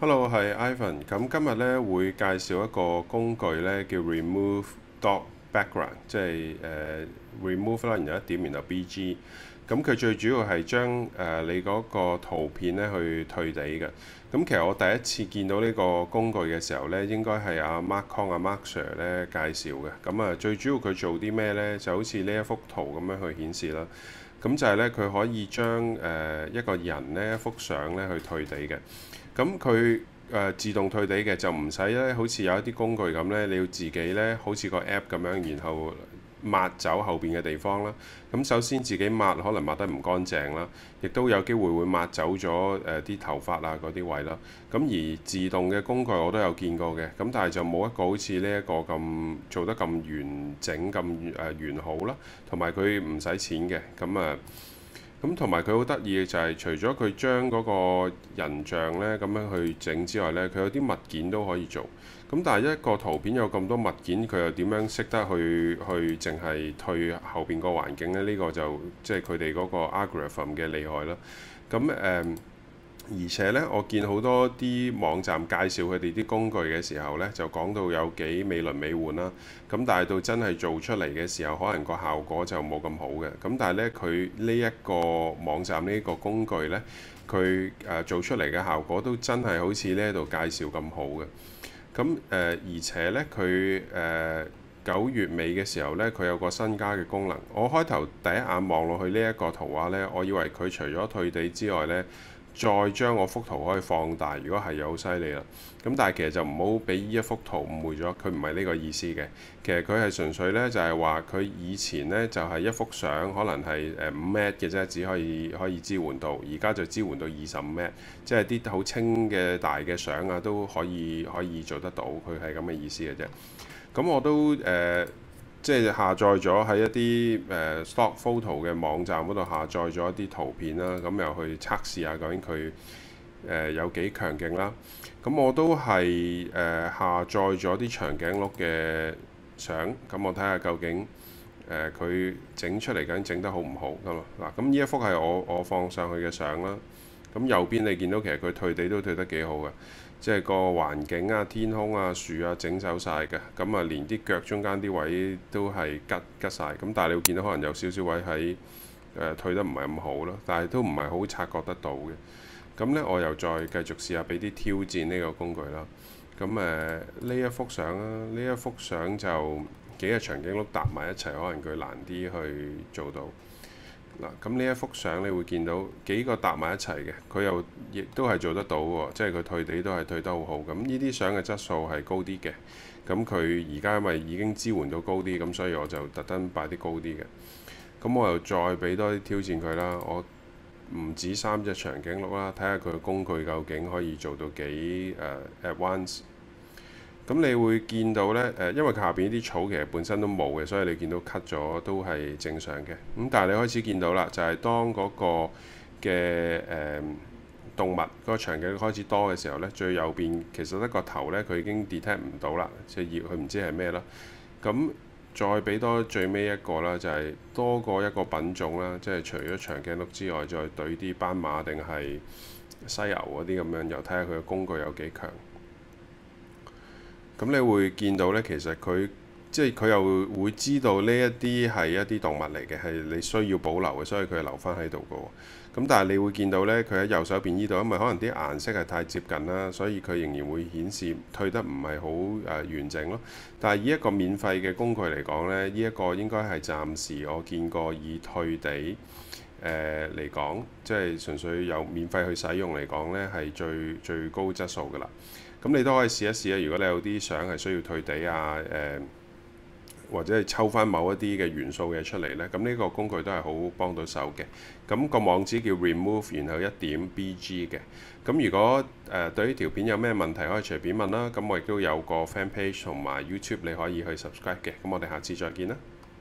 Hello，我係 Ivan。咁今日咧會介紹一個工具咧，叫 Remove Dog Background，即係誒、呃、remove 然後有一點，然後 B.G. 咁佢、嗯、最主要係將誒你嗰個圖片咧去退地嘅。咁、嗯、其實我第一次見到呢個工具嘅時候咧，應該係阿、啊、Markon 阿、啊、Maxer Mark 咧介紹嘅。咁、嗯、啊，最主要佢做啲咩咧？就好似呢一幅圖咁樣去顯示啦。咁、嗯、就係、是、咧，佢可以將誒、呃、一個人咧一幅相咧去退地嘅。咁佢誒自動退地嘅就唔使咧，好似有一啲工具咁呢，你要自己呢，好似個 app 咁樣，然後抹走後邊嘅地方啦。咁首先自己抹可能抹得唔乾淨啦，亦都有機會會抹走咗誒啲頭髮啊嗰啲位啦。咁而自動嘅工具我都有見過嘅，咁但係就冇一個好似呢一個咁做得咁完整咁誒完、呃、完好啦，同埋佢唔使錢嘅，咁啊。呃咁同埋佢好得意嘅就係，除咗佢將嗰個人像呢咁樣去整之外呢，佢有啲物件都可以做。咁但係一個圖片有咁多物件，佢又點樣識得去去淨係退後邊個環境呢？呢、呢個就即係佢哋嗰個 algorithm 嘅厲害啦。咁誒。Um, 而且咧，我見好多啲網站介紹佢哋啲工具嘅時候咧，就講到有幾美輪美奐啦。咁但係到真係做出嚟嘅時候，可能個效果就冇咁好嘅。咁但係咧，佢呢一個網站呢個工具咧，佢誒做出嚟嘅效果都真係好似呢喺度介紹咁好嘅。咁誒，而且咧，佢誒九月尾嘅時候咧，佢有個新加嘅功能。我開頭第一眼望落去呢一個圖畫咧，我以為佢除咗退地之外咧。再將我幅圖可以放大，如果係嘅好犀利啦。咁但係其實就唔好俾呢一幅圖誤會咗，佢唔係呢個意思嘅。其實佢係純粹呢，就係話佢以前呢就係、是、一幅相可能係誒五 M 嘅啫，只可以可以支援到，而家就支援到二十五 M，即係啲好清嘅大嘅相啊都可以可以做得到。佢係咁嘅意思嘅啫。咁我都誒。呃即係下載咗喺一啲誒、呃、stock photo 嘅網站嗰度下載咗一啲圖片啦，咁又去測試下究竟佢誒、呃、有幾強勁啦。咁我都係誒、呃、下載咗啲長頸鹿嘅相，咁我睇下究竟誒佢整出嚟究竟整得好唔好㗎嘛。嗱，咁呢一幅係我我放上去嘅相啦。咁右邊你見到其實佢退地都退得幾好嘅，即係個環境啊、天空啊、樹啊整走晒嘅，咁啊連啲腳中間啲位都係吉吉晒。咁但係你會見到可能有少少位喺誒、呃、退得唔係咁好咯，但係都唔係好察覺得到嘅。咁呢，我又再繼續試下俾啲挑戰呢個工具啦。咁誒呢一幅相啊，呢一幅相就幾個場景都搭埋一齊，可能佢難啲去做到。嗱，咁呢一幅相你會見到幾個搭埋一齊嘅，佢又亦都係做得到喎，即係佢退地都係退得好好。咁呢啲相嘅質素係高啲嘅，咁佢而家因為已經支援到高啲，咁所以我就特登擺啲高啲嘅。咁我又再俾多啲挑戰佢啦，我唔止三隻長頸鹿啦，睇下佢嘅工具究竟可以做到幾誒 at once。Uh, 咁你會見到呢，誒、呃，因為下邊啲草其實本身都冇嘅，所以你見到 cut 咗都係正常嘅。咁、嗯、但係你開始見到啦，就係、是、當嗰個嘅誒、呃、動物嗰、那個長頸鹿開始多嘅時候呢，最右邊其實得個頭呢，佢已經 detect 唔到啦，即係二佢唔知係咩啦。咁再俾多最尾一個啦，就係、是、多過一個品種啦，即、就、係、是、除咗長頸鹿之外，再對啲斑馬定係犀牛嗰啲咁樣，又睇下佢嘅工具有幾強。咁你會見到呢，其實佢即係佢又會知道呢一啲係一啲動物嚟嘅，係你需要保留嘅，所以佢留翻喺度㗎喎。咁但係你會見到呢，佢喺右手邊呢度，因為可能啲顏色係太接近啦，所以佢仍然會顯示退得唔係好誒完整咯。但係以一個免費嘅工具嚟講呢，呢一個應該係暫時我見過已退地。誒嚟講，即係純粹有免費去使用嚟講呢，係最最高質素嘅啦。咁你都可以試一試啊！如果你有啲相係需要退地啊，誒、呃、或者係抽翻某一啲嘅元素嘅出嚟呢，咁呢個工具都係好幫到手嘅。咁、那個網址叫 Remove，然後一點 B G 嘅。咁如果誒、呃、對於呢條片有咩問題，可以隨便問啦。咁我亦都有個 Fan Page 同埋 YouTube，你可以去 subscribe 嘅。咁我哋下次再見啦。